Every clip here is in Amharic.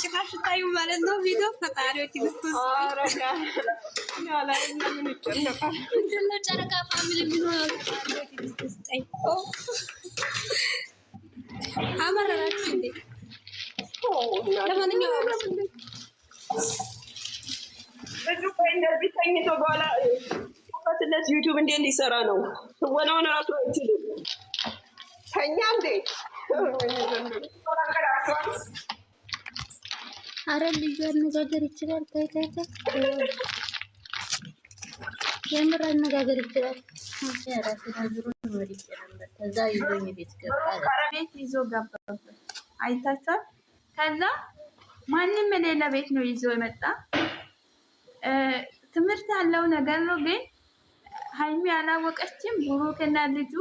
ጭራሽ ታዩ ማለት ነው። ቪዲዮ ፈጣሪ ክርስቶስ ጨረቃ ፋሚሊ የሚሆነው አመረራችሁ እንዴ? ለማንኛውም ብዙ ቆይ እንደዚህ ተኝቶ በኋላ ፈትነት ዩቱብ እንዴት ሊሰራ ነው? ወናውን ራሱ አይችልም። ተኛ እንዴ አረ ልዩ አነጋገር ይችላል። ታይ ታይ ታይ የምር አነጋገር ይችላል። ቤት ቤት ይዞ ገባበት። አይታችኋል። ከዛ ማንም የሌለ ቤት ነው ይዞ የመጣ ትምህርት ያለው ነገር ነው። ግን ሀይሚ አላወቀችም። ብሩክና ልጁ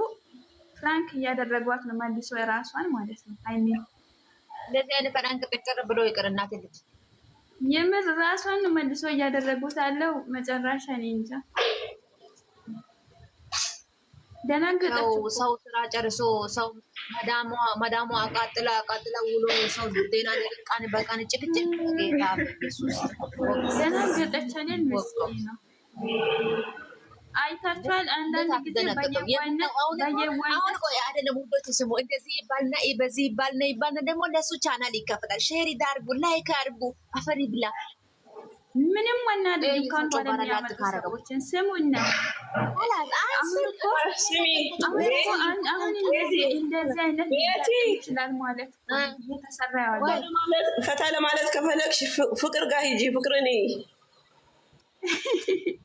ፍራንክ እያደረጓት ነው መልሶ የራሷን ማለት ነው ሀይሚ እንደዚህ አይነት ቀዳን ቅጥቅር ብሎ ይቅር እናት ልጅ የምር ራሷን መልሶ እያደረጉት አለው። መጨረሻ እኔ እንጃ ደነገጠች። ሰው ስራ ጨርሶ ሰው መዳሟ አቃጥላ አቃጥላ ውሎ ሰው ዜና ቀን በቀን ጭቅጭቅ ጌታ ደነገጠች። እኔን ምስኪን ነው አይታችኋል። አንዳንድ ጊዜ አይደለም ውዶች ስሙ፣ እንደዚህ ይባልና በዚህ ይባልና ይባልና ደግሞ ለእሱ ቻናል ይከፈታል። ሼር ዳርጉ፣ ላይክ አርጉ፣ አፈሪ ብላ ምንም ዋና ደካንቸውባራላትካረገቦችን ስሙና ፈታ ለማለት ከፈለግሽ ፍቅር ጋር ሂጂ። ፍቅርን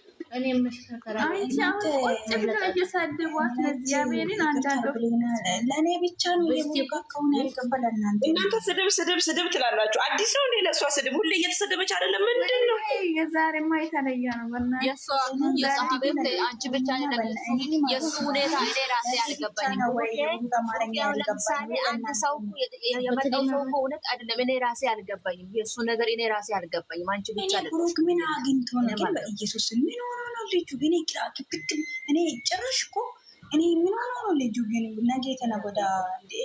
እኔ እየሳደቧት ብቻ እናንተ ስድብ ስድብ ስድብ ትላላችሁ። አዲስ ነው እንደ ለእሷ ስድብ ሁሌ እየተሰደበች አይደለም። ምንድን ነው የዛሬማ የተለየ ነው። አንቺ ብቻ የእሱ ሁኔታ እኔ ራሴ አልገባኝም። ለምሳሌ አንድ ሰው የመጣው ሰው እውነት አይደለም። እኔ ራሴ አልገባኝም። የእሱ ነገር እኔ ራሴ አልገባኝም። አንቺ ብቻ ምን አግኝቶ ነው በኢየሱስ የሚኖረ ነው ልጁ ግን ግድም እኔ ጭራሽ እኮ እኔ ምን ሆኖ ነው ልጁ ግን ነገ የተነገ ወዲያ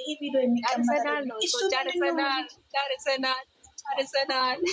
ይሄ ቪዲዮ የሚቀመጥ ነው።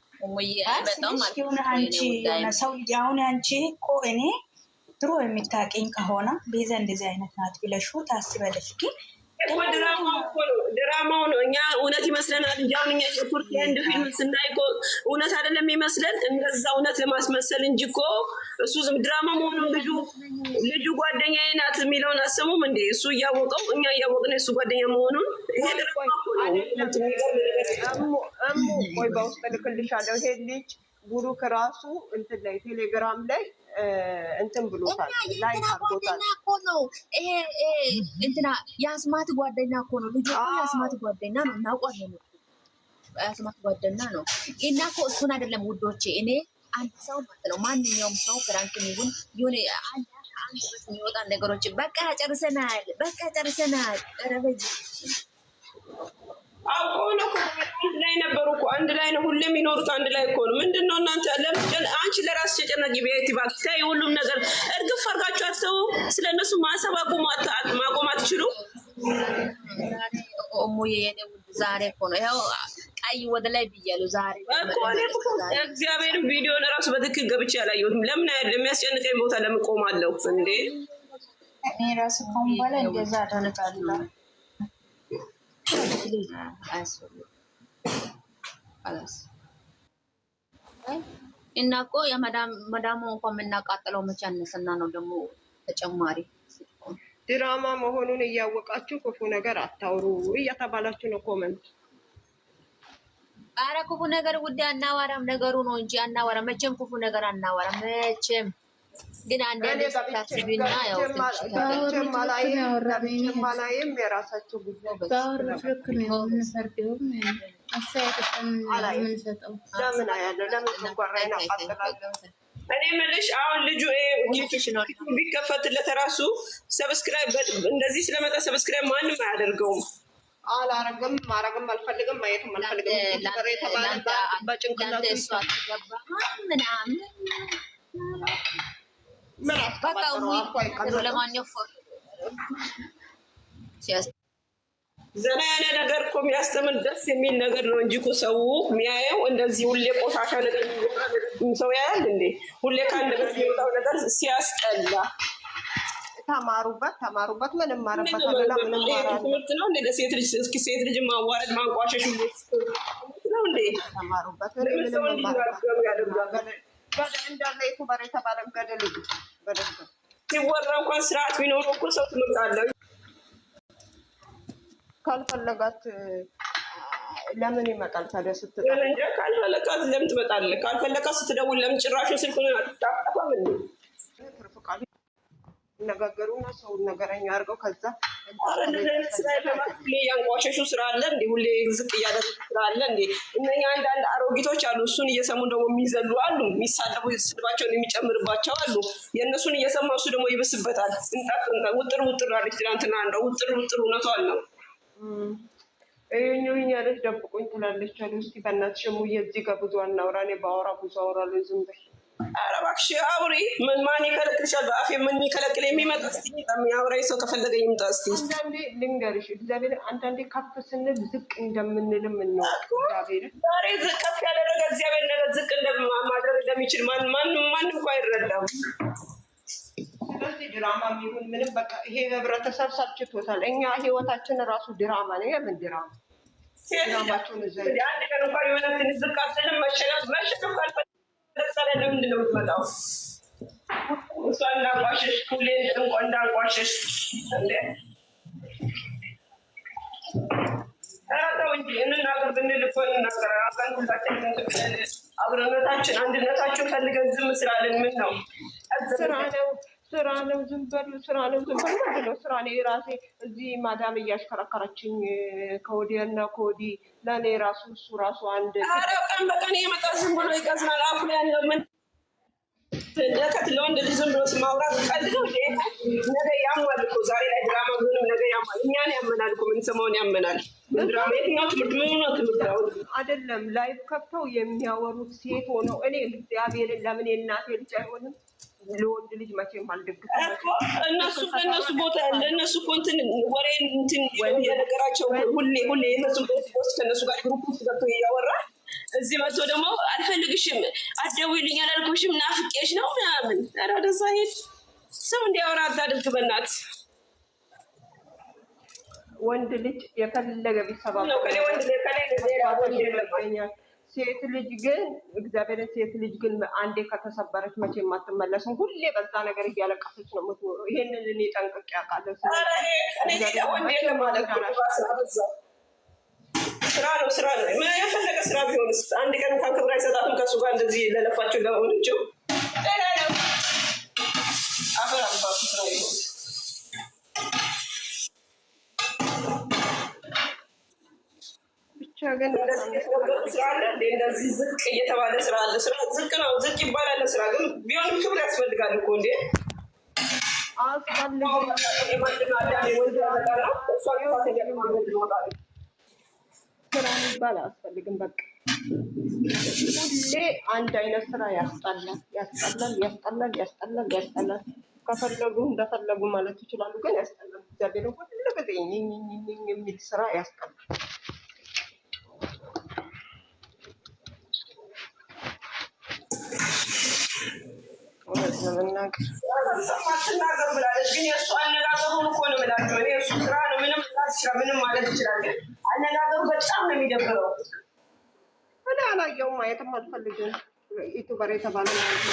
ሰው ልጅ አሁን አንቺ እኮ እኔ ድሮ የሚታቀኝ ከሆነ ቤዛ እንደዚህ አይነት ናት ብለሹ ታስበለሽ ግን ድራማው ነው። እኛ እውነት ይመስለናል እንጂ አሁን እኛ የቱርክ የህንድ ፊልም ስናይ እኮ እውነት አይደለም ይመስለን። እንደዛ እውነት ለማስመሰል እንጂ እኮ እሱ ድራማ መሆኑን ልጁ ልጁ ጓደኛዬ ናት የሚለውን አሰሙም እንዴ? እሱ እያወቀው እኛ እያወቅን የእሱ ጓደኛ መሆኑን ይሄ ድራማ ነው። ቆይ በውስጥ ልክልሻለሁ ይሄ ልጅ ጉሩ ራሱ እንትን ላይ ቴሌግራም ላይ እንትን ብሎታል። ላይ ጓደኛ እኮ ነው ይሄ እንትና የአስማት ጓደኛ እኮ ነው ልጁ የአስማት ጓደኛ ነው። ነው የአስማት ጓደኛ ነው እና እኮ እሱን አይደለም ውዶቼ፣ እኔ አንድ ሰው ማለት ነው ማንኛውም ሰው ፍራንክን ይሁን ይሁን የሚወጣ ነገሮች በቃ ጨርሰናል፣ በቃ ጨርሰናል ረበ አውቀው ነው አንድ ላይ ነበሩ እኮ አንድ ላይ ነው ሁሌም ይኖሩት አንድ ላይ እኮ ነው። ምንድን ነው እናንተ ለምን አንቺ ለራስሽ ተጨነቂ ቤት ይባል ተይ፣ ሁሉም ነገር እርግፍ አድርጋችሁ አትሰው። ስለ እነሱ ማሰብ ማቆም አትችሉ። እሙዬ የኔ ውድ ዛሬ እኮ ነው ይኸው ቀይ ወደ ላይ ብያለሁ። ዛሬ እኮ እግዚአብሔርን ቪዲዮን እራሱ በትክክል ገብቼ አላየሁትም። ለምን ያለ የሚያስጨንቀኝ ቦታ ለምን ቆማለሁ እንዴ? እኔ ራሱ እንደዛ አደርጋለሁ Ah, eh, እና እኮ የመዳሙ እንኳን የምናቃጥለው መቼ አነሰና ነው ደግሞ ተጨማሪ ድራማ መሆኑን እያወቃችሁ ክፉ ነገር አታውሩ እያተባላችሁ ነው ኮመንት። አረ ክፉ ነገር ውድ አናዋራም ነገሩ ነው እንጂ አናወራም። መቼም ክፉ ነገር አናዋራም መቼም ግን አንዳንዴ ታስቢና እኔ የምልሽ አሁን ልጁ ቢከፈትለት ራሱ ሰብስክራይብ እንደዚህ ስለመጣ ሰብስክራይብ ማንም አያደርገውም። አላረግም፣ ማረግም አልፈልግም፣ ማየትም አልፈልግም። የተባለ በጭንቅላት ምናምን ዘና ያለ ነገር እኮ የሚያስተምር ደስ የሚል ነገር ነው እንጂ እኮ ሰው የሚያየው እንደዚህ ሁሌ ቆሻሻ ነገር ሰው ያያል እንዴ? ሁሌ ከአንድ ነገር የሚወጣው ነገር ሲያስጠላ። ተማሩበት፣ ተማሩበት። ምንም ማረበት ትምህርት ነው እንዴ? ለሴት ልጅ እስኪ ሴት ልጅ ማዋረድ ማንቋሸሽ ነው እንዴ? ተማሩበት። ምንም ምንም ማረበት ያደርጋል። ገደል እንዳለ የተባለ ገደል አይፈረድም። ሲወራ እንኳን ስርዓት ቢኖረው እኮ ሰው ትምህርት አለው። ካልፈለጋት ለምን ይመጣል ታዲያ? ስትእንጃ ካልፈለጋት ለምን ትመጣለህ? ካልፈለጋት ስትደውል ለምን ጭራሽ ስልኩን አታጠፋም? ትርፍ ቃል ይነጋገሩና ሰውን ነገረኛ አድርገው ከዛ ያንቋሸሹ ስራ አለ እንዴ? ሁሌ ዝቅ እያደረጉ ስራ አለ እንዴ? እነኛ አንዳንድ አሮጊቶች አሉ። እሱን እየሰሙ ደግሞ የሚዘሉ አሉ፣ የሚሳደቡ ስድባቸውን የሚጨምርባቸው አሉ። የእነሱን እየሰማ እሱ ደግሞ ይበስበታል። ውጥር ውጥር አለች ትናንትና፣ እንደ ውጥር ውጥር እውነቷ አለው ይህኛውኝ ያለች ደብቁኝ ትላለች አሉ። እስኪ በእናትሽ ሙዬ እዚህ ጋር ብዙ አናውራ፣ እኔ በአውራ ብዙ አውራለሁ። ዝም በይ ኧረ እባክሽ አውሪ። ምን ማን ይከለክልሻል? በአፌ ምን ይከለክል የሚመጣ እስኪ አልመጣም። የአብራዊ ሰው ከፈለገ ይምጣ። እስኪ አንዳንዴ ልንገርሽ፣ እግዚአብሔር አንዳንዴ ከፍ ስንል ዝቅ እንደምንልም ነው። ዝቅፍ ያደረገ እግዚአብሔር ነገ ዝቅ እንደማድረግ እንደሚችል ማንም እኮ አይረዳም። ስለዚህ ድራማ የሚሆን ምንም በቃ ይሄ ህብረተሰብ ሰብችቶታል። እኛ ህይወታችን ራሱ ድራማ ነው። የምን ድራማ ድራማቸውን እዛ አንድ ቀን እንኳን የሆነ ትንሽ ዝቅ አትልም። መሸነፍ መሸነፍ ካልፈለግ ለምንድን ነው የምትመጣው? እሷ እንዳንቋሸሽ ሁሌ እንቆ እንዳንቋሸሽ እንደ ተው እንጂ እንናገር ብንል እኮ እንናገር አብረን ሁላችን አብረነታችን አንድነታችን ፈልገን ዝም ስላለን ምን ነው ስራ ነው ስራ ነው ዝም በሉ ስራ ነው ዝም በሉ ምንድን ነው ስራ ነው የራሴ እዚህ ማዳም እያሽከረከረችኝ ከወዲያ ከወዲህ ለእኔ ራሱ እሱ ራሱ አንድ ኧረ ቀን በቀን የመጣ ዝም ብሎ ይቀዝናል አፉ ያለው ምን ለከት ለወንድ ልጅ ዝም ብሎ ማውራት ቀልድ ነው። ነገ ያማል እኮ ዛሬ ላይ ድራማ ምንም ነገ ያማል። እኛን ያመናል እኮ ምንሰማውን ያመናል። ድራማ የትኛው ትምህርት ምን ሆነ? ትምህርት አሁን አይደለም ላይቭ ከፍተው የሚያወሩት ሴት ሆነው እኔ እግዚአብሔርን ለምን የእናቴ ልጅ አይሆንም ለወንድ ልጅ መቼም አልደግፍም እኮ እነሱ በእነሱ ቦታ ለእነሱ እኮ እንትን ወሬ እንትን የነገራቸው ሁሌ ሁሌ የነሱ ቦስ ከእነሱ ጋር ግሩፕ ውስጥ ገብቶ እያወራ እዚህ መቶ ደግሞ አልፈልግሽም፣ አትደውይልኝ አላልኩሽም፣ ናፍቄሽ ነው ምናምን። ኧረ ወደዛ ሄድ ሰው እንዲያወራ አታድርግ በእናትህ። ወንድ ልጅ የፈለገ ቢሰባ ሴት ልጅ ግን እግዚአብሔር ሴት ልጅ ግን አንዴ ከተሰበረች መቼ የማትመለስም። ሁሌ በዛ ነገር እያለቀሰች ነው የምትኖረው። ይሄንን እኔ ጠንቅቄ አውቃለሁ። ስራ ነው ስራ አንድ ቀን እንኳን ክብር አይሰጣትም። ከእሱ ጋር እንደዚህ ለለፋችሁ ለሆነችው እንደዚህ ዝቅ እየተባለ ስራ አለ። ስራ ዝቅ ነው፣ ዝቅ ይባላል። ስራ ግን ቢሆንም ክብር ያስፈልጋል እኮ እንዴ ስራ የሚባል አያስፈልግም በቃ ሁሌ አንድ አይነት ስራ ያስጠላል፣ ያስጠላል፣ ያስጠላል፣ ያስጠላል፣ ያስጠላል። ከፈለጉ እንደፈለጉ ማለት ይችላሉ፣ ግን ያስጠላል። እግዚአብሔር ሁሉ ጊዜ የሚል ስራ ያስጠላል። ማለት ይችላል፣ አነጋገሩ በጣም ነው የሚደብረው። አላየውም። ማየትም አልፈልግም። ዩቱበር የተባለ ማለት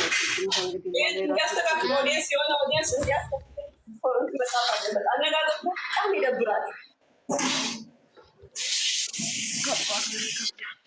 ነው።